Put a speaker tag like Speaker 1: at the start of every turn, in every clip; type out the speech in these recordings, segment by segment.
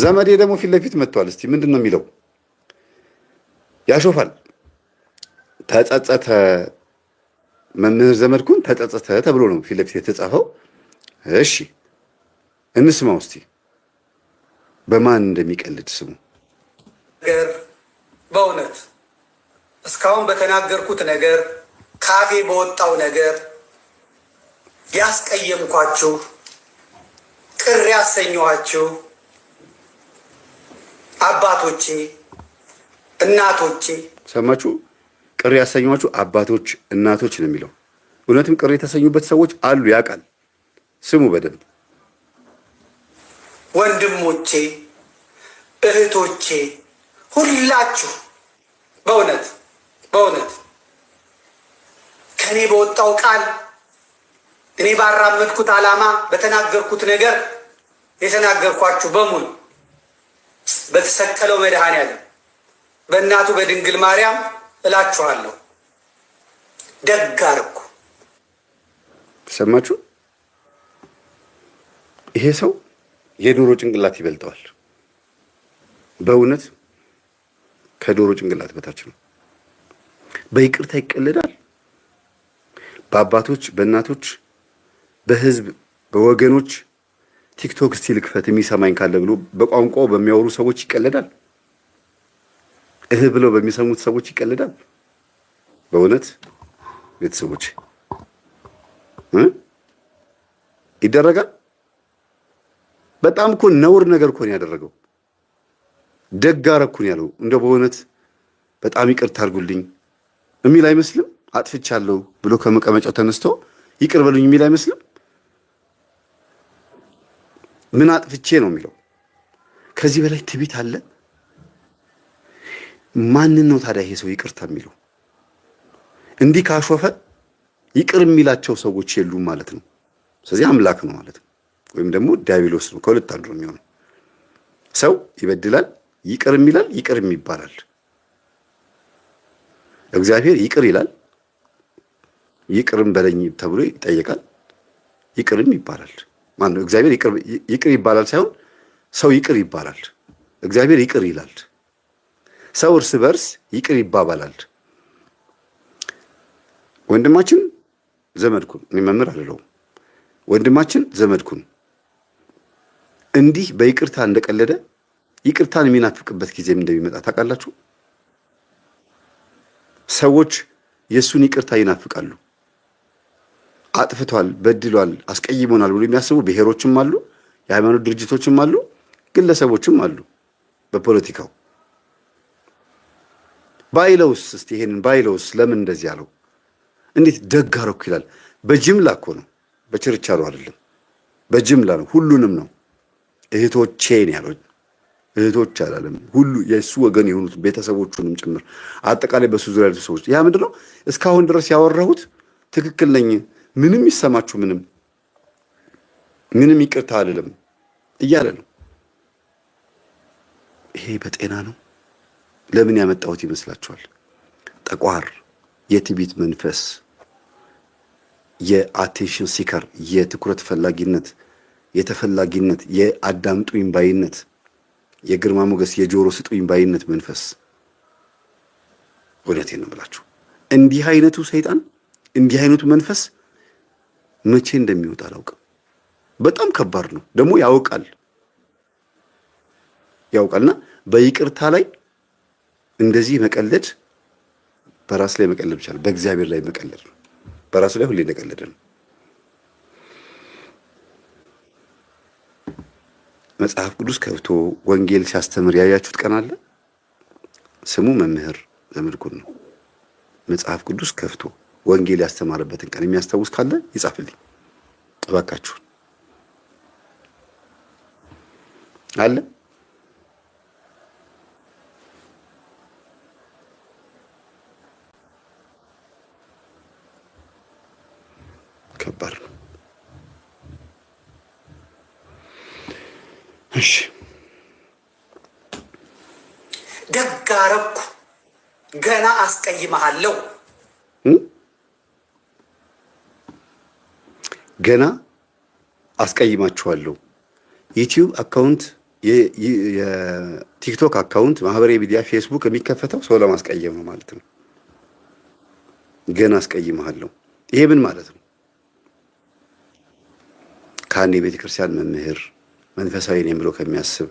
Speaker 1: ዘመዴ ደግሞ ፊት ለፊት መጥቷል። እስቲ ምንድን ነው የሚለው? ያሾፋል። ተጸጸተ፣ መምህር ዘመድኩን ተጸጸተ ተብሎ ነው ፊት ለፊት የተጻፈው። እሺ እንስማው እስቲ በማን እንደሚቀልድ ስሙ።
Speaker 2: ነገር በእውነት እስካሁን በተናገርኩት ነገር ካፌ በወጣው ነገር ያስቀየምኳችሁ፣ ቅር ያሰኘኋችሁ አባቶቼ፣ እናቶቼ
Speaker 1: ሰማችሁ። ቅር ያሰኟችሁ አባቶች፣ እናቶች ነው የሚለው። እውነትም ቅር የተሰኙበት ሰዎች አሉ፣ ያውቃል። ስሙ በደንብ
Speaker 2: ወንድሞቼ፣ እህቶቼ፣ ሁላችሁ በእውነት በእውነት ከእኔ በወጣው ቃል እኔ ባራመድኩት ዓላማ በተናገርኩት ነገር የተናገርኳችሁ በሙሉ በተሰቀለው መድኃኔዓለም በእናቱ በድንግል ማርያም እላችኋለሁ ደግ አደረኩ።
Speaker 1: ተሰማችሁ? ይሄ ሰው የዶሮ ጭንቅላት ይበልጠዋል። በእውነት ከዶሮ ጭንቅላት በታች ነው። በይቅርታ ይቀለዳል። በአባቶች፣ በእናቶች፣ በህዝብ በወገኖች ቲክቶክ እስቲ ልክፈት የሚሰማኝ ካለ ብሎ በቋንቋው በሚያወሩ ሰዎች ይቀለዳል። እህ ብለው በሚሰሙት ሰዎች ይቀለዳል። በእውነት ቤተሰቦች ይደረጋል። በጣም እኮ ነውር ነገር እኮ ነው ያደረገው። ደግ አረኩን ያለው እንደ በእውነት በጣም ይቅርታ አድርጉልኝ የሚል አይመስልም። አጥፍቻለሁ ብሎ ከመቀመጫው ተነስቶ ይቅር በሉኝ የሚል አይመስልም። ምን አጥፍቼ ነው የሚለው። ከዚህ በላይ ትቢት አለ? ማንን ነው ታዲያ ይሄ ሰው ይቅርታ የሚለው? እንዲህ ካሾፈ ይቅር የሚላቸው ሰዎች የሉም ማለት ነው። ስለዚህ አምላክ ነው ማለት ነው፣ ወይም ደግሞ ዲያብሎስ ነው። ከሁለት አንዱ ነው የሚሆነው። ሰው ይበድላል፣ ይቅር የሚላል፣ ይቅርም ይባላል። እግዚአብሔር ይቅር ይላል፣ ይቅርም በለኝ ተብሎ ይጠየቃል፣ ይቅርም ይባላል። ማን ነው? እግዚአብሔር ይቅር ይባላል ሳይሆን ሰው ይቅር ይባላል። እግዚአብሔር ይቅር ይላል። ሰው እርስ በርስ ይቅር ይባባላል። ወንድማችን ዘመድኩን እኔ መምህር ወንድማችን ዘመድኩን እንዲህ በይቅርታ እንደቀለደ ይቅርታን የሚናፍቅበት ጊዜም እንደሚመጣ ታውቃላችሁ። ሰዎች የእሱን ይቅርታ ይናፍቃሉ። አጥፍቷል፣ በድሏል፣ አስቀይሞናል ብሎ የሚያስቡ ብሔሮችም አሉ፣ የሃይማኖት ድርጅቶችም አሉ፣ ግለሰቦችም አሉ። በፖለቲካው ባይለውስ እስቲ ይሄንን ባይለውስ ለምን እንደዚህ አለው? እንዴት ደግ አደረኩ ይላል። በጅምላ እኮ ነው፣ በችርቻሮ አይደለም፣ በጅምላ ነው። ሁሉንም ነው እህቶቼን ያለው እህቶች አላለም። ሁሉ የእሱ ወገን የሆኑት ቤተሰቦቹንም ጭምር አጠቃላይ በእሱ ዙሪያ ያሉ ሰዎች ያ ምንድነው እስካሁን ድረስ ያወራሁት ትክክል ነኝ ምንም ይሰማችሁ ምንም ምንም ይቅርታ አልልም እያለ ነው። ይሄ በጤና ነው? ለምን ያመጣሁት ይመስላችኋል? ጠቋር፣ የትቢት መንፈስ፣ የአቴንሽን ሲከር፣ የትኩረት ፈላጊነት፣ የተፈላጊነት፣ የአዳምጡኝ ባይነት፣ የግርማ ሞገስ፣ የጆሮ ስጡኝ ባይነት መንፈስ። እውነቴን ነው ብላችሁ እንዲህ አይነቱ ሰይጣን እንዲህ አይነቱ መንፈስ መቼ እንደሚወጣ አላውቅም። በጣም ከባድ ነው። ደግሞ ያውቃል ያውቃልና በይቅርታ ላይ እንደዚህ መቀለድ በራስ ላይ መቀለድ ብቻ ነው፣ በእግዚአብሔር ላይ መቀለድ ነው። በራሱ ላይ ሁሌ እንደቀለደ ነው። መጽሐፍ ቅዱስ ከብቶ ወንጌል ሲያስተምር ያያችሁት ቀን አለ። ስሙ መምህር ዘመድኩን ነው። መጽሐፍ ቅዱስ ከፍቶ ወንጌል ያስተማረበትን ቀን የሚያስታውስ ካለ ይጻፍልኝ እባካችሁን። አለ ከባድ ነው። እሺ
Speaker 2: ደግ አረኩ፣ ገና አስቀይመሃለሁ
Speaker 1: ገና አስቀይማችኋለሁ። ዩቲዩብ አካውንት፣ የቲክቶክ አካውንት፣ ማህበራዊ ሚዲያ ፌስቡክ የሚከፈተው ሰው ለማስቀየም ነው ማለት ነው። ገና አስቀይመሃለሁ። ይሄ ምን ማለት ነው? ከአንድ የቤተ ክርስቲያን መምህር መንፈሳዊ ነኝ ብሎ ከሚያስብ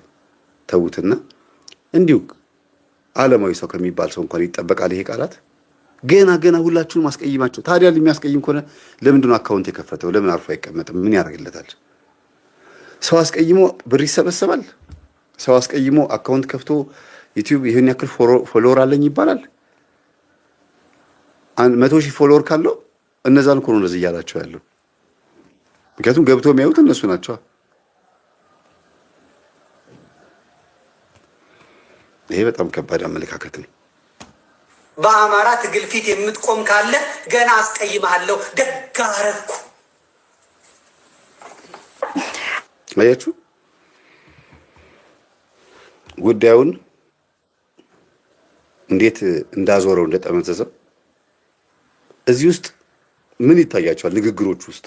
Speaker 1: ተዉትና እንዲሁ ዓለማዊ ሰው ከሚባል ሰው እንኳን ይጠበቃል ይሄ ቃላት ገና ገና ሁላችሁንም አስቀይማቸው። ታዲያ የሚያስቀይም ከሆነ ለምንድን ነው አካውንት የከፈተው? ለምን አርፎ አይቀመጥም? ምን ያደርግለታል? ሰው አስቀይሞ ብር ይሰበሰባል። ሰው አስቀይሞ አካውንት ከፍቶ ዩቲዩብ ይህን ያክል ፎሎወር አለኝ ይባላል። መቶ ሺህ ፎሎወር ካለው እነዛን እኮ እንደዚህ እያላቸው ያለው። ምክንያቱም ገብቶ የሚያዩት እነሱ ናቸው። ይሄ በጣም ከባድ አመለካከት ነው።
Speaker 2: በአማራ ትግል ፊት የምትቆም ካለ ገና አስቀይማለሁ። ደግ አደረኩ።
Speaker 1: አያችሁ ጉዳዩን እንዴት እንዳዞረው እንደጠመዘዘው። እዚህ ውስጥ ምን ይታያቸዋል? ንግግሮች ውስጥ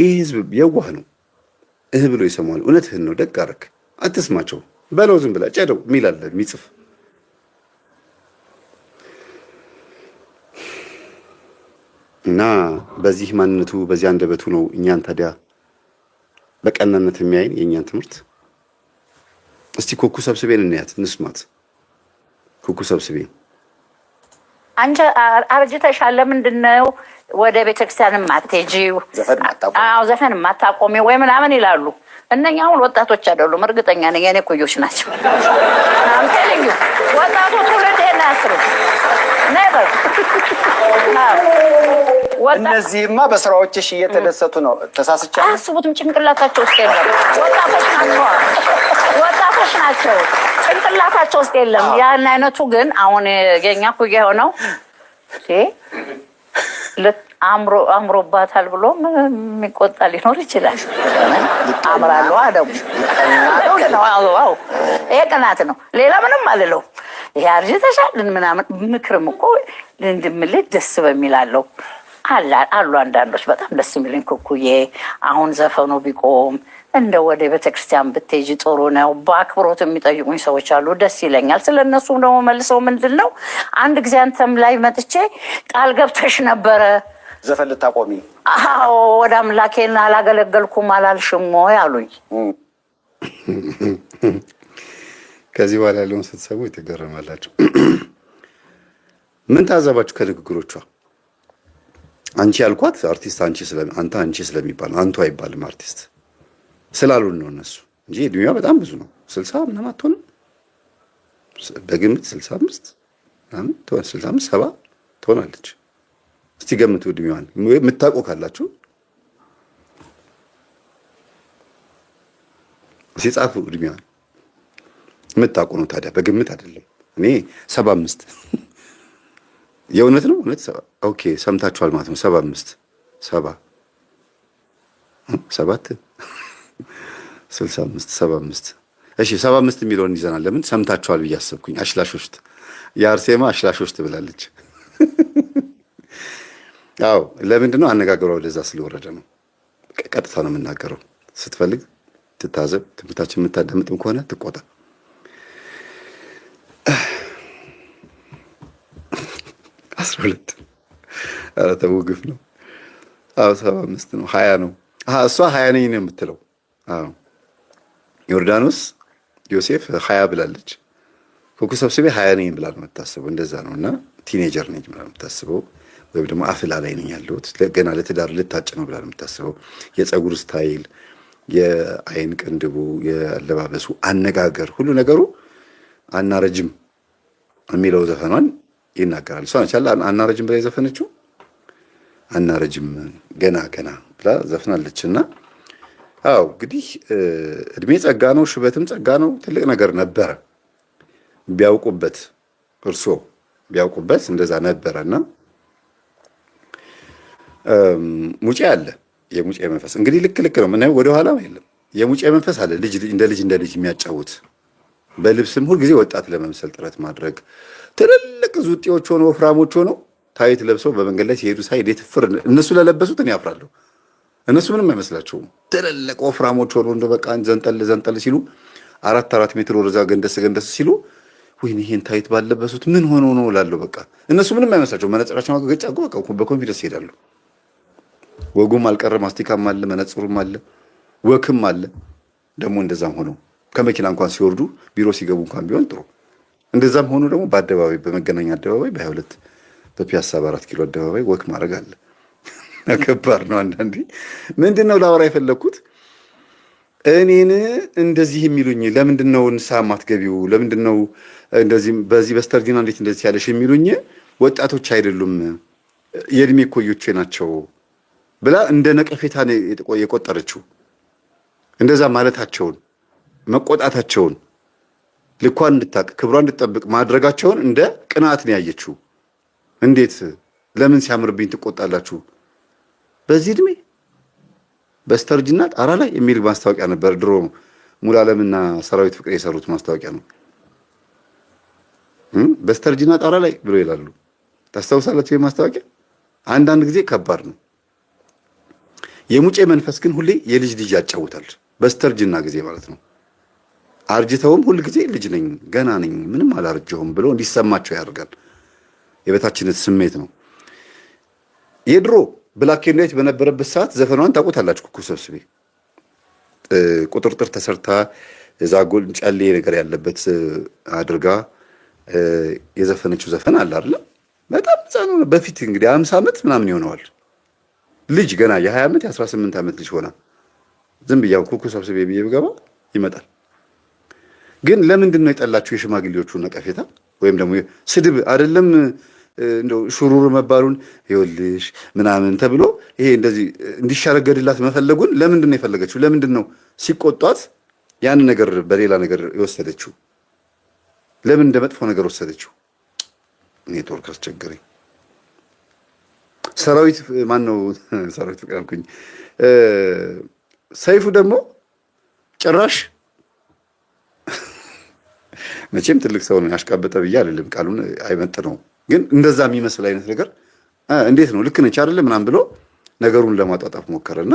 Speaker 1: ይህ ህዝብ የዋህ ነው። እህ ብሎ ይሰማል። እውነትህን ነው፣ ደግ አደረክ። አትስማቸው በለው፣ ዝም ብላ ጨደው የሚላለ የሚጽፍ እና በዚህ ማንነቱ በዚህ አንደበቱ ነው እኛን ታዲያ በቀናነት የሚያይን የእኛን ትምህርት። እስቲ ኩኩ ሰብስቤን እናያት እንስማት። ኩኩ ሰብስቤ
Speaker 3: አንቺ አርጅተሻል፣ ለምንድን ነው ወደ ቤተክርስቲያን የማትሄጂው? ዘፈን የማታቆሚው ወይ ምናምን ይላሉ። እነኛ አሁን ወጣቶች አይደሉም፣ እርግጠኛ ነኝ የኔ ኩዮች ናቸው። ወጣቱ ትውልድ ይሄን ነበር
Speaker 1: እነዚህማ በስራዎችሽ እየተደሰቱ ነው። ተሳስቻ
Speaker 3: አያስቡትም። ጭንቅላታቸው ውስጥ የለም። ወጣቶች ናቸው፣ ወጣቶች ናቸው። ጭንቅላታቸው ውስጥ የለም። ያን አይነቱ ግን አሁን የኛ ኩያ የሆነው አምሮባታል ብሎ የሚቆጣ ሊኖር ይችላል። አምራለሁ አደሙ ይሄ ቅናት ነው። ሌላ ምንም አልለው። ይሄ አርጅተሻል ምናምን ምክርም እኮ ልንድምልህ ደስ በሚላለው አሉ አንዳንዶች በጣም ደስ የሚለኝ ኩኩዬ፣ አሁን ዘፈኑ ቢቆም እንደ ወደ ቤተክርስቲያን ብትሄጂ ጥሩ ነው፣ በአክብሮት የሚጠይቁኝ ሰዎች አሉ፣ ደስ ይለኛል። ስለ እነሱም ደግሞ መልሰው ምንድን ነው አንድ ጊዜ አንተም ላይ መጥቼ ቃል ገብተሽ ነበረ
Speaker 1: ዘፈን ልታቆሚ።
Speaker 3: አዎ ወደ አምላኬን አላገለገልኩም አላልሽም ወይ አሉኝ።
Speaker 1: ከዚህ በኋላ ያለውን ስትሰሙ የተገረማላችሁ። ምን ታዘባችሁ ከንግግሮቿ? አንቺ ያልኳት አርቲስት አንቺ አንተ አንቺ ስለሚባል አንቱ አይባልም። አርቲስት ስላሉን ነው እነሱ እንጂ እድሜዋ በጣም ብዙ ነው። ስልሳ ምናምን አትሆንም በግምት ስልሳ አምስት ምናምን ስልሳ አምስት ሰባ ትሆናለች። እስቲ ገምቱ እድሜዋን የምታውቁ ካላችሁ ሲጻፉ እድሜዋን የምታውቁ ነው። ታዲያ በግምት አይደለም እኔ ሰባ አምስት የእውነት ነው። እውነት ኦኬ፣ ሰምታችኋል ማለት ነው። ሰባ አምስት ሰባ ሰባት ስልሳ አምስት ሰባ አምስት እሺ፣ ሰባ አምስት የሚለውን ይዘናል። ለምን ሰምታችኋል ብዬ አሰብኩኝ። አሽላሾሽት የአርሴማ አሽላሾሽት ብላለች። አዎ፣ ለምንድን ነው አነጋገሯ ወደዛ ስለወረደ ነው። ቀጥታ ነው የምናገረው። ስትፈልግ ትታዘብ። ትምህርታችን የምታዳምጥም ከሆነ ትቆጣ 12 ሁለት ኧረ ተው ግፍ ነው። ሰባ አምስት ነው ሀያ ነው እሷ ሀያ ነኝ ነው የምትለው። ዮርዳኖስ ዮሴፍ ሀያ ብላለች። ኮኩ ሰብስቤ ሀያ ነኝ ብላ ነው የምታስበው። እንደዛ ነው እና ቲኔጀር ነኝ ብላ ነው የምታስበው። ወይም ደግሞ አፍላ ላይ ነኝ ያለሁት ገና ለትዳር ልታጭ ነው ብላ የምታስበው። የፀጉር ስታይል፣ የአይን ቅንድቡ፣ የአለባበሱ፣ አነጋገር፣ ሁሉ ነገሩ አናረጅም የሚለው ዘፈኗን ይናገራል። እሷ ናቻለ አናረጅም ብላ የዘፈነችው አናረጅም ገና ገና ብላ ዘፍናለች። እና አው እንግዲህ እድሜ ጸጋ ነው፣ ሽበትም ጸጋ ነው። ትልቅ ነገር ነበረ ቢያውቁበት፣ እርሶ ቢያውቁበት እንደዛ ነበረ እና ሙጬ አለ የሙጬ መንፈስ እንግዲህ ልክ ልክ ነው። ምን ወደኋላ የለም የሙጬ መንፈስ አለ ልጅ እንደ ልጅ እንደ ልጅ የሚያጫውት በልብስም ሁልጊዜ ወጣት ለመምሰል ጥረት ማድረግ፣ ትልልቅ ዙጤዎች ሆነው ወፍራሞች ሆነው ታይት ለብሰው በመንገድ ላይ ሲሄዱ ሳይ እንዴት ፍር እነሱ ለለበሱት እኔ ያፍራለሁ። እነሱ ምንም አይመስላቸውም። ትልልቅ ወፍራሞች ሆኖ እንደ በቃ ዘንጠል ዘንጠል ሲሉ አራት አራት ሜትር ወደዛ ገንደስ ገንደስ ሲሉ ወይ ይሄን ታይት ባለበሱት ምን ሆኖ ነው እላለሁ። በቃ እነሱ ምንም አይመስላቸው መነጽራቸው ገጫ በኮንፊደንስ ይሄዳሉ። ወጉም አልቀረ ማስቲካም አለ መነጽሩም አለ ወክም አለ ደግሞ እንደዛም ሆነው ከመኪና እንኳን ሲወርዱ ቢሮ ሲገቡ እንኳን ቢሆን ጥሩ። እንደዛም ሆኖ ደግሞ በአደባባይ በመገናኛ አደባባይ በ22 በፒያሳ በአራት ኪሎ አደባባይ ወክ ማድረግ አለ። ከባድ ነው አንዳንዴ። ምንድን ነው ላወራ የፈለግኩት እኔን እንደዚህ የሚሉኝ ለምንድን ነው ንስሐ ማትገቢው? ለምንድን ነው እንደዚህ በዚህ በስተርጅና እንዴት እንደዚህ ያለሽ የሚሉኝ ወጣቶች አይደሉም የእድሜ ኮዮቼ ናቸው ብላ እንደ ነቀፌታ የቆጠረችው እንደዛ ማለታቸውን መቆጣታቸውን ልኳን እንድታቅ ክብሯን እንድጠብቅ ማድረጋቸውን እንደ ቅናት ነው ያየችው። እንዴት ለምን ሲያምርብኝ ትቆጣላችሁ? በዚህ እድሜ በስተርጅና ጣራ ላይ የሚል ማስታወቂያ ነበር። ድሮ ሙሉዓለምና ሰራዊት ፍቅር የሰሩት ማስታወቂያ ነው። በስተርጅና ጣራ ላይ ብሎ ይላሉ። ታስታውሳላችሁ? ማስታወቂያ አንዳንድ ጊዜ ከባድ ነው። የሙጬ መንፈስ ግን ሁሌ የልጅ ልጅ ያጫውታል። በስተርጅና ጊዜ ማለት ነው። አርጅተውም ሁልጊዜ ልጅ ነኝ ገና ነኝ ምንም አላርጀውም ብሎ እንዲሰማቸው ያደርጋል። የበታችነት ስሜት ነው። የድሮ ብላክ ኤንድ ዋይት በነበረበት ሰዓት ዘፈኗን ታውቁታላችሁ። ኩኩ ሰብስቤ ቁጥርጥር ተሰርታ ዛጎል ጨሌ ነገር ያለበት አድርጋ የዘፈነችው ዘፈን አለ አይደለም። በጣም ህፃን በፊት እንግዲህ አምሳ ዓመት ምናምን ይሆነዋል ልጅ ገና የ ዓመት የአስራ 18 ዓመት ልጅ ሆና ዝም ብያው ኩኩ ሰብስቤ ብዬ ብገባ ይመጣል። ግን ለምንድን ነው የጠላችሁ? የሽማግሌዎቹ ነቀፌታ ወይም ደግሞ ስድብ አይደለም እንደው ሹሩር መባሉን ይኸውልሽ ምናምን ተብሎ ይሄ እንደዚህ እንዲሸረገድላት መፈለጉን ለምንድን ነው የፈለገችው? ለምንድን ነው ሲቆጧት ያን ነገር በሌላ ነገር የወሰደችው? ለምን እንደ መጥፎ ነገር ወሰደችው? ኔትወርክ አስቸገረኝ። ሰራዊት ማን ነው? ሰራዊት ፍቅር አልኩኝ። ሰይፉ ደግሞ ጭራሽ መቼም ትልቅ ሰው ነው ያሽቃበጠ ብዬ አይደለም፣ ቃሉን አይመጥ ነው ግን እንደዛ የሚመስል አይነት ነገር እንዴት ነው ልክ ነች አይደለም ምናምን ብሎ ነገሩን ለማጣጣፍ ሞከረና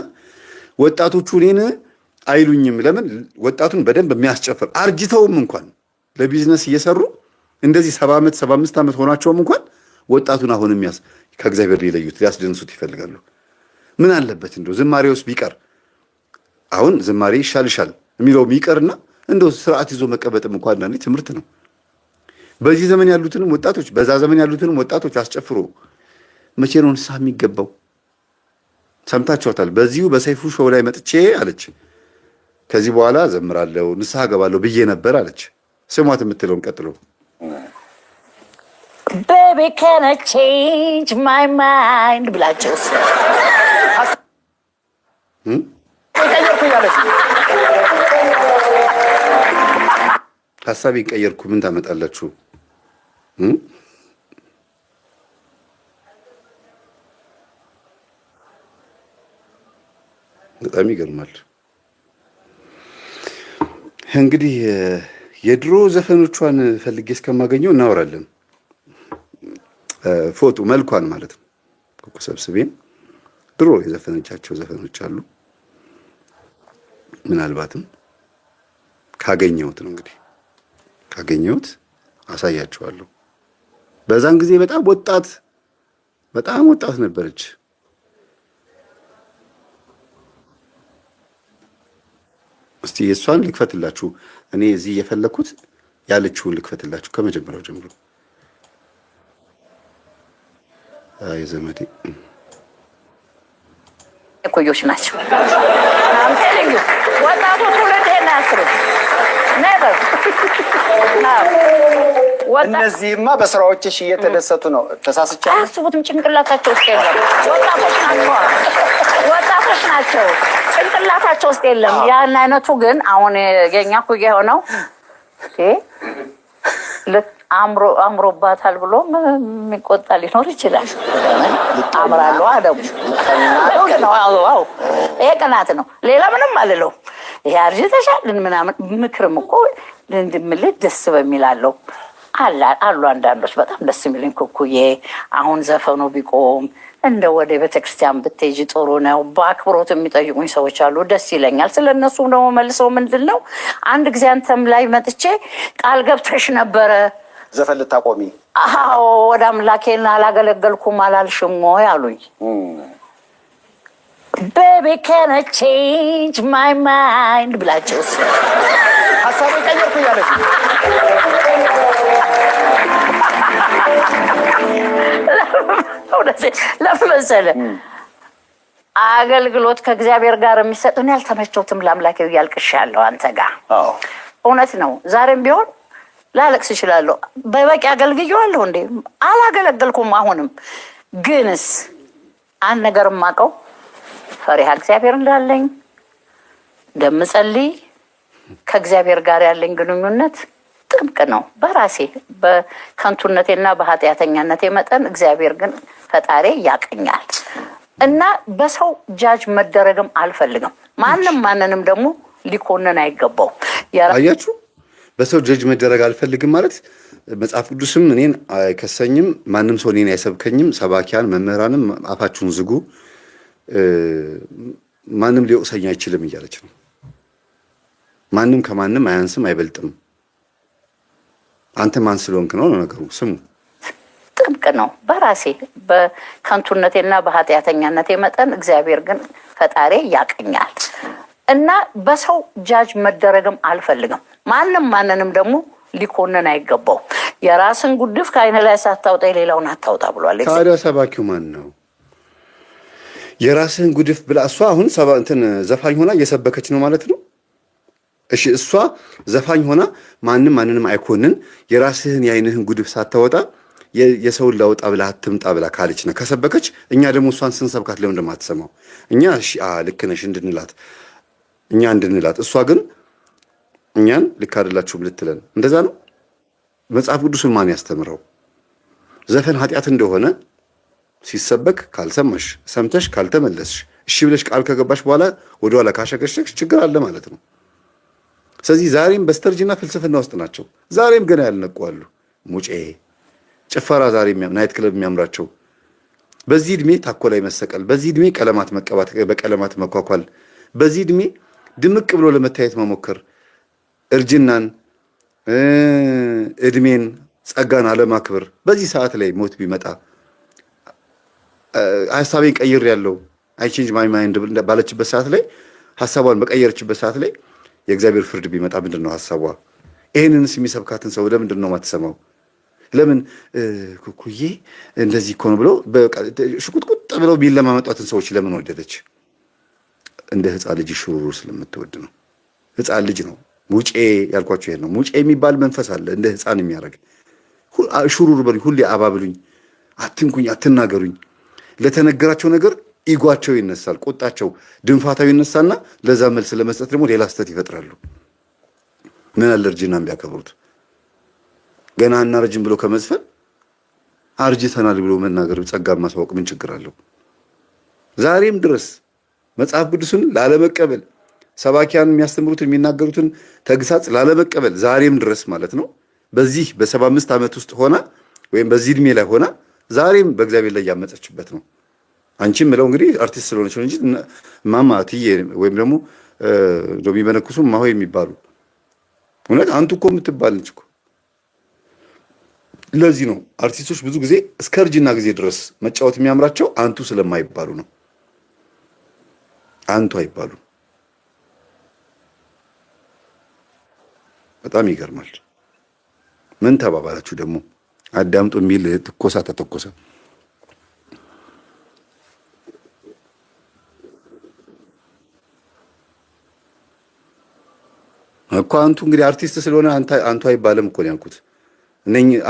Speaker 1: ወጣቶቹ እኔን አይሉኝም። ለምን ወጣቱን በደንብ የሚያስጨፍር አርጅተውም እንኳን ለቢዝነስ እየሰሩ እንደዚህ ሰባ ዓመት ሰባ አምስት ዓመት ሆናቸውም እንኳን ወጣቱን አሁንም ከእግዚአብሔር ሊለዩት ሊያስደንሱት ይፈልጋሉ። ምን አለበት እንደው ዝማሬ ውስጥ ቢቀር አሁን ዝማሬ ይሻልሻል የሚለው ይቀርና እንደው ስርዓት ይዞ መቀበጥም እንኳ አንዳንዴ ትምህርት ነው። በዚህ ዘመን ያሉትንም ወጣቶች በዛ ዘመን ያሉትንም ወጣቶች አስጨፍሮ መቼ ነው ንስሐ የሚገባው? ሰምታችኋታል። በዚሁ በሰይፉ ሾው ላይ መጥቼ አለች ከዚህ በኋላ ዘምራለሁ ንስሐ ገባለሁ ብዬ ነበር አለች። ስሟት የምትለውን ቀጥሎ
Speaker 3: ቤቢ ቼንጅ ማይ ማይንድ ብላቸው
Speaker 1: ሀሳብ ይቀየርኩ ምን ታመጣላችሁ? በጣም ይገርማል። እንግዲህ የድሮ ዘፈኖቿን ፈልጌ እስከማገኘው እናወራለን። ፎቶ መልኳን ማለት ነው። ኩኩ ሰብስቤን ድሮ የዘፈነቻቸው ዘፈኖች አሉ። ምናልባትም ካገኘሁት ነው እንግዲህ ካገኘሁት አሳያችኋለሁ። በዛን ጊዜ በጣም ወጣት በጣም ወጣት ነበረች። እስቲ እሷን ልክፈትላችሁ። እኔ እዚህ እየፈለግኩት ያለችውን ልክፈትላችሁ ከመጀመሪያው ጀምሮ የዘመዴ
Speaker 3: የቆዮች ናቸው። ቴሊንግ ወጣቱ ትውልድ ይሄን አያስብም። ነበር
Speaker 1: እነዚህማ በስራዎችሽ እየተደሰቱ ነው። ተሳስቻ
Speaker 3: አያስቡትም። ጭንቅላታቸው ውስጥ የለም። ወጣቶች ናቸው፣ ወጣቶች ናቸው። ጭንቅላታቸው ውስጥ የለም። ያን አይነቱ ግን አሁን የኛ ልክ አምሮባታል ብሎ የሚቆጣ ሊኖር ይችላል። አምራለሁ አደሙ ይሄ ቅናት ነው። ሌላ ምንም አልለው። ይሄ አርጅተሻል ምናምን ምክርም እኮ እንድምልህ ደስ በሚላለው አሉ አንዳንዶች በጣም ደስ የሚልኝ ኩኩዬ፣ አሁን ዘፈኑ ቢቆም እንደ ወደ ቤተክርስቲያን ብትሄጂ ጥሩ ነው። በአክብሮት የሚጠይቁኝ ሰዎች አሉ፣ ደስ ይለኛል። ስለ እነሱም ደግሞ መልሰው ምንድን ነው አንድ ጊዜ አንተም ላይ መጥቼ ቃል ገብተሽ ነበረ
Speaker 1: ዘፈን ልታቆሚ?
Speaker 3: አዎ ወደ አምላኬን አላገለገልኩም አላልሽም ወይ አሉኝ። ቤቢ ካን አይ ቼንጅ ማይ ማይንድ ብላቸው
Speaker 1: ሀሳቡን ቀየርኩ እያለች
Speaker 3: ለመሰለ አገልግሎት ከእግዚአብሔር ጋር የሚሰጡን ያልተመቸውትም ለአምላኬው ያለው አንተ ጋር እውነት ነው ዛሬም ቢሆን ላለቅስ እችላለሁ። በበቂ አገልግዬዋለሁ እንዴ? አላገለገልኩም። አሁንም ግንስ አንድ ነገር ማቀው ፈሪሃ እግዚአብሔር እንዳለኝ እንደምጸልይ ከእግዚአብሔር ጋር ያለኝ ግንኙነት ጥብቅ ነው። በራሴ በከንቱነቴና በኃጢአተኛነቴ መጠን እግዚአብሔር ግን ፈጣሪ ያቀኛል እና በሰው ጃጅ መደረግም አልፈልግም። ማንም ማንንም ደግሞ ሊኮንን አይገባውም።
Speaker 1: አያችሁ በሰው ጀጅ መደረግ አልፈልግም ማለት መጽሐፍ ቅዱስም እኔን አይከሰኝም፣ ማንም ሰው እኔን አይሰብከኝም። ሰባኪያን መምህራንም አፋችሁን ዝጉ፣ ማንም ሊወቅሰኝ አይችልም እያለች ነው። ማንም ከማንም አያንስም አይበልጥም። አንተ ማን ስለሆንክ ነው ነገሩ። ስሙ
Speaker 3: ጥብቅ ነው። በራሴ በከንቱነቴና በኃጢአተኛነቴ መጠን እግዚአብሔር ግን ፈጣሪ ያቀኛል እና በሰው ጃጅ መደረግም አልፈልግም። ማንም ማንንም ደግሞ ሊኮንን አይገባው። የራስን ጉድፍ ከአይነ ላይ ሳታውጣ የሌላውን አታውጣ ብሏል።
Speaker 1: ታዲያ ሰባኪው ማን ነው? የራስህን ጉድፍ ብላ እሷ አሁን እንትን ዘፋኝ ሆና እየሰበከች ነው ማለት ነው። እሺ እሷ ዘፋኝ ሆና ማንም ማንንም አይኮንን የራስህን የአይንህን ጉድፍ ሳታወጣ የሰውን ላውጣ ብላ አትምጣ ብላ ካለች ነው ከሰበከች። እኛ ደግሞ እሷን ስንሰብካት ለምን እኛ ልክ ነሽ እንድንላት እኛ እንድንላት እሷ ግን እኛን ልክ ልትለን። እንደዛ ነው መጽሐፍ ቅዱስን ማን ያስተምረው? ዘፈን ኃጢአት እንደሆነ ሲሰበክ ካልሰማሽ ሰምተሽ ካልተመለስሽ እሺ ብለሽ ቃል ከገባሽ በኋላ ወደኋላ ካሸከሸክሽ ችግር አለ ማለት ነው። ስለዚህ ዛሬም በስተርጅና ፍልስፍና ውስጥ ናቸው። ዛሬም ገና ያልነቁ አሉ። ሙጬ ጭፈራ፣ ዛሬ ናይት ክለብ የሚያምራቸው በዚህ እድሜ ታኮላይ መሰቀል፣ በዚህ እድሜ ቀለማት መቀባት፣ በቀለማት መኳኳል፣ በዚህ እድሜ ድምቅ ብሎ ለመታየት መሞከር እርጅናን፣ እድሜን፣ ጸጋን አለማክበር በዚህ ሰዓት ላይ ሞት ቢመጣ ሀሳቤን ቀይር ያለው አይ ቼንጅ ማይ ማይንድ ባለችበት ሰዓት ላይ ሀሳቧን በቀየረችበት ሰዓት ላይ የእግዚአብሔር ፍርድ ቢመጣ ምንድን ነው ሀሳቧ? ይህንንስ የሚሰብካትን ሰው ለምንድን ነው ማትሰማው? ለምን ኩኩዬ እንደዚህ እኮ ነው ብለው ሽቁጥቁጥ ብለው ለማመጧትን ሰዎች ለምን ወደደች? እንደ ሕፃን ልጅ ሽሩሩ ስለምትወድ ነው። ሕፃን ልጅ ነው። ሙጬ ያልኳቸው ይሄን ነው። ሙጬ የሚባል መንፈስ አለ፣ እንደ ህፃን የሚያደርግ ሹሩር በሉኝ፣ ሁሌ አባብሉኝ፣ አትንኩኝ፣ አትናገሩኝ። ለተነገራቸው ነገር ኢጓቸው ይነሳል፣ ቁጣቸው፣ ድንፋታው ይነሳና ለዛ መልስ ለመስጠት ደግሞ ሌላ ስህተት ይፈጥራሉ። ምን አለ እርጅናን ቢያከብሩት። ገና እናረጅም ብሎ ከመዝፈን አርጅተናል ብሎ መናገር ጸጋን ማሳወቅ ምን ችግር አለው? ዛሬም ድረስ መጽሐፍ ቅዱስን ላለመቀበል ሰባኪያን የሚያስተምሩትን የሚናገሩትን ተግሳጽ ላለመቀበል ዛሬም ድረስ ማለት ነው በዚህ በሰባ አምስት ዓመት ውስጥ ሆና ወይም በዚህ እድሜ ላይ ሆና ዛሬም በእግዚአብሔር ላይ ያመፀችበት ነው። አንቺም ምለው እንግዲህ አርቲስት ስለሆነች ነው እንጂ ማማ ትዬ ወይም ደግሞ የሚመነኩሱ ማሆ የሚባሉ እውነት አንቱ እኮ የምትባል ነች እኮ። ለዚህ ነው አርቲስቶች ብዙ ጊዜ እስከ እርጅና ጊዜ ድረስ መጫወት የሚያምራቸው አንቱ ስለማይባሉ ነው። አንቱ አይባሉም። በጣም ይገርማል። ምን ተባባላችሁ ደግሞ? አዳምጡ የሚል ትኮሳ ተተኮሰ። እኮ አንቱ እንግዲህ አርቲስት ስለሆነ አንቱ አይባልም እኮ ነው ያልኩት።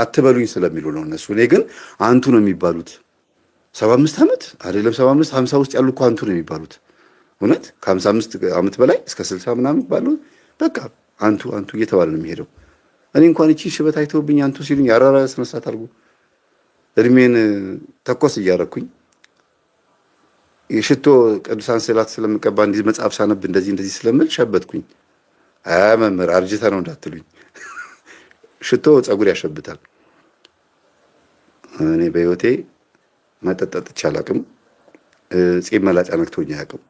Speaker 1: አትበሉኝ ስለሚሉ ነው እነሱ። እኔ ግን አንቱ ነው የሚባሉት። ሰባ አምስት ዓመት አይደለም ሰባ አምስት ሀምሳ ውስጥ ያሉ እኮ አንቱ ነው የሚባሉት። እውነት ከሀምሳ አምስት ዓመት በላይ እስከ ስልሳ ምናምን ባሉ በቃ አንቱ አንቱ እየተባለ ነው የሚሄደው። እኔ እንኳን እቺ ሽበት አይተውብኝ አንቱ ሲሉኝ አራራ ስነሳት አድርጎ እድሜን ተኮስ እያረኩኝ የሽቶ ቅዱሳን ስዕላት ስለምቀባ እንዲህ መጽሐፍ ሳነብ እንደዚህ እንደዚህ ስለምል ሸበትኩኝ። አያ መምህር አርጅታ ነው እንዳትሉኝ፣ ሽቶ ጸጉር ያሸብታል። እኔ በህይወቴ መጠጥ ጠጥቼ አላቅም። ጺም መላጫ ነክቶኝ አያቅም።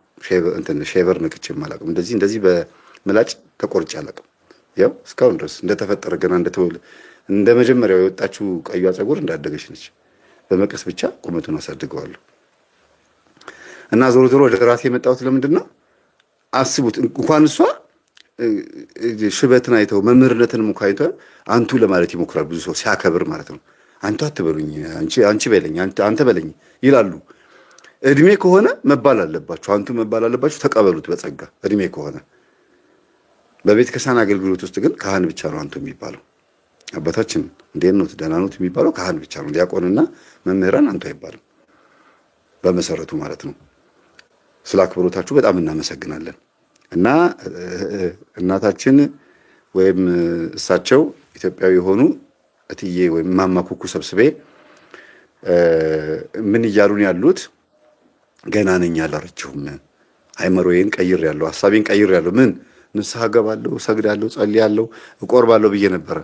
Speaker 1: ሼቨር ነክቼም አላቅም። እንደዚህ እንደዚህ ምላጭ ተቆርጬ አላውቅም። ያው እስካሁን ድረስ እንደተፈጠረ ገና እንደተወለ እንደ መጀመሪያው የወጣችው ቀዩ ፀጉር እንዳደገች ነች። በመቀስ ብቻ ቁመቱን አሳድገዋለሁ እና ዞሮ ዞሮ ወደ ራሴ የመጣሁት ለምንድን ነው አስቡት። እንኳን እሷ ሽበትን አይተው መምህርነትን እንኳ አይተው አንቱ ለማለት ይሞክራል። ብዙ ሰው ሲያከብር ማለት ነው። አንቱ አትበሉኝ፣ አንቺ በለኝ፣ አንተ በለኝ ይላሉ። እድሜ ከሆነ መባል አለባችሁ፣ አንቱ መባል አለባችሁ። ተቀበሉት በጸጋ እድሜ ከሆነ በቤተ ክርስቲያን አገልግሎት ውስጥ ግን ካህን ብቻ ነው አንቱ የሚባለው። አባታችን እንዴት ነው ደህና ኖት የሚባለው ካህን ብቻ ነው። ዲያቆንና መምህራን አንቱ አይባልም፣ በመሰረቱ ማለት ነው። ስለ አክብሮታችሁ በጣም እናመሰግናለን። እና እናታችን ወይም እሳቸው ኢትዮጵያዊ የሆኑ እትዬ ወይም ማማኩኩ ሰብስቤ ምን እያሉን ያሉት ገና ነኝ አላረችሁም። አይመሮዬን ቀይር ያለው ሀሳቤን ቀይር ያለው ምን ንስሐ ገባለሁ፣ እሰግዳለሁ፣ ጸልያለሁ፣ እቆርባለሁ ብዬ ነበረ።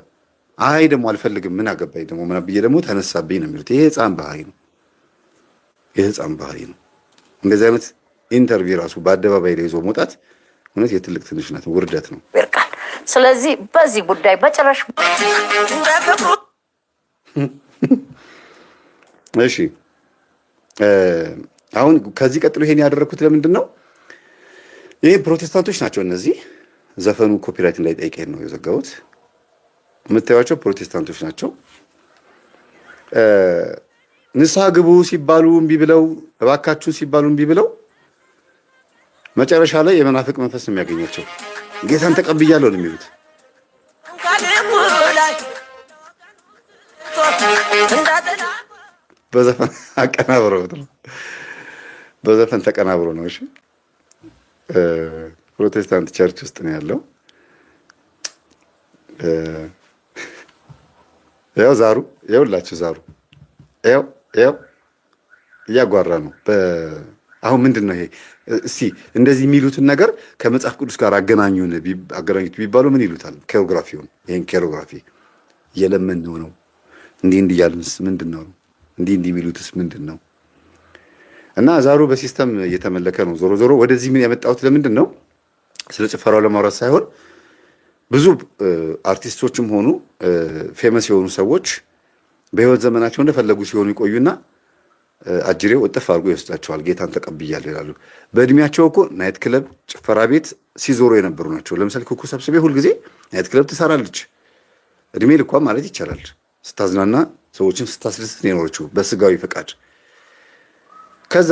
Speaker 1: አይ ደግሞ አልፈልግም፣ ምን አገባኝ ደግሞ ምናምን ብዬ ደግሞ ተነሳብኝ ነው የሚሉት። ይሄ ህፃን ባህሪ ነው። ህፃን ባህሪ ነው። እንደዚህ አይነት ኢንተርቪው ራሱ በአደባባይ ላይ ይዞ መውጣት እውነት የትልቅ ትንሽ ናት፣ ውርደት ነው።
Speaker 3: ስለዚህ በዚህ ጉዳይ በጭራሽ
Speaker 1: እሺ አሁን ከዚህ ቀጥሎ ይሄን ያደረግኩት ለምንድን ነው? ይሄ ፕሮቴስታንቶች ናቸው እነዚህ ዘፈኑ ኮፒራይት እንዳይጠይቀኝ ነው የዘገቡት። የምታዩቸው ፕሮቴስታንቶች ናቸው። ንስሐ ግቡ ሲባሉ እምቢ ብለው እባካችሁ ሲባሉ እምቢ ብለው መጨረሻ ላይ የመናፍቅ መንፈስ ነው የሚያገኛቸው። ጌታን ተቀብያለሁ ነው የሚሉት። በዘፈን አቀናብረው በዘፈን ተቀናብሮ ነው እሺ ፕሮቴስታንት ቸርች ውስጥ ነው ያለው። ያው ዛሩ የሁላችሁ ዛሩ ው ያው እያጓራ ነው። አሁን ምንድን ነው ይሄ? እስቲ እንደዚህ የሚሉትን ነገር ከመጽሐፍ ቅዱስ ጋር አገናኙን አገናኙት ቢባሉ ምን ይሉታል? ኬሮግራፊውን ይህን ኬሮግራፊ እየለመን ነው ነው እንዲህ እንዲህ ያሉንስ ምንድን ነው? እንዲህ እንዲህ የሚሉትስ ምንድን ነው? እና ዛሩ በሲስተም እየተመለከ ነው። ዞሮ ዞሮ ወደዚህ ምን ያመጣሁት ለምንድን ነው ስለ ጭፈራው ለማውራት ሳይሆን ብዙ አርቲስቶችም ሆኑ ፌመስ የሆኑ ሰዎች በህይወት ዘመናቸው እንደፈለጉ ሲሆኑ ይቆዩና አጅሬው እጥፍ አድርጎ ይወስዳቸዋል። ጌታን ተቀብያለሁ ይላሉ። በእድሜያቸው እኮ ናይት ክለብ፣ ጭፈራ ቤት ሲዞሩ የነበሩ ናቸው። ለምሳሌ ኩኩ ሰብስቤ ሁልጊዜ ናይት ክለብ ትሰራለች። እድሜ ልኳ ማለት ይቻላል ስታዝናና ሰዎችን ስታስደስት የኖረችው በስጋዊ ፈቃድ ከዛ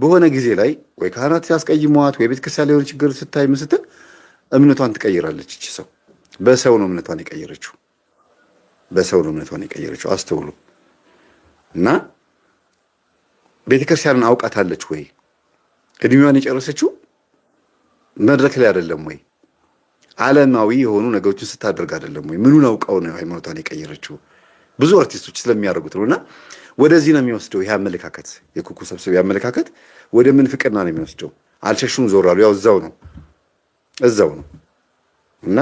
Speaker 1: በሆነ ጊዜ ላይ ወይ ካህናት ሲያስቀይሟት ወይ ቤተክርስቲያን የሆነ ችግር ስታይ ምስትል እምነቷን ትቀይራለች። እች ሰው በሰው ነው እምነቷን የቀየረችው፣ በሰው ነው እምነቷን የቀየረችው። አስተውሉ እና ቤተክርስቲያንን አውቃታለች ወይ? እድሜዋን የጨረሰችው መድረክ ላይ አይደለም ወይ? ዓለማዊ የሆኑ ነገሮችን ስታደርግ አይደለም ወይ? ምኑን አውቃው ነው ሃይማኖቷን የቀየረችው? ብዙ አርቲስቶች ስለሚያደርጉት ነው እና ወደዚህ ነው የሚወስደው። ይህ አመለካከት የኩኩ ሰብስብ አመለካከት ወደ ምንፍቅና ነው የሚወስደው። አልሸሹም ዞራሉ። ያው እዛው ነው እዛው ነው እና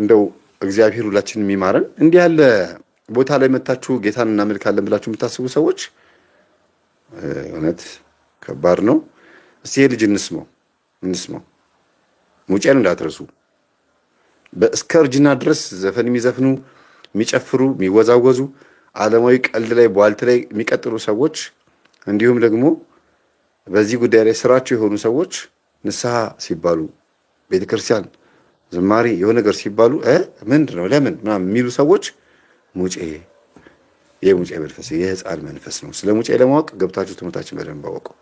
Speaker 1: እንደው እግዚአብሔር ሁላችን የሚማረን እንዲህ ያለ ቦታ ላይ መታችሁ ጌታን እናመልካለን ብላችሁ የምታስቡ ሰዎች እውነት ከባድ ነው። እስቲ ይሄ ልጅ እንስማው እንስማው። ሙጫን እንዳትረሱ። እስከ እርጅና ድረስ ዘፈን የሚዘፍኑ የሚጨፍሩ፣ የሚወዛወዙ ዓለማዊ ቀልድ ላይ ቧልት ላይ የሚቀጥሉ ሰዎች እንዲሁም ደግሞ በዚህ ጉዳይ ላይ ስራቸው የሆኑ ሰዎች ንስሐ ሲባሉ ቤተክርስቲያን ዝማሬ የሆነ ነገር ሲባሉ ምንድን ነው ለምን ምናምን የሚሉ ሰዎች ሙጬ የሙጬ መንፈስ የህፃን መንፈስ ነው። ስለ ሙጬ ለማወቅ ገብታችሁ ትምህርታችን በደንብ አወቀው